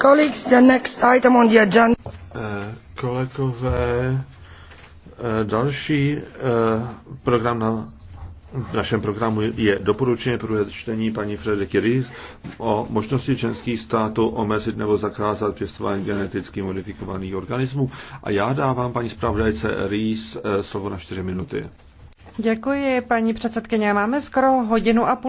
Kolegové, další program na v našem programu je doporučení pro čtení paní Frederiky Ries o možnosti členských států omezit nebo zakázat pěstování geneticky modifikovaných organismů. A já dávám paní zpravodajce Ries eh, slovo na čtyři minuty. Děkuji, paní předsedkyně. Máme skoro hodinu a půl.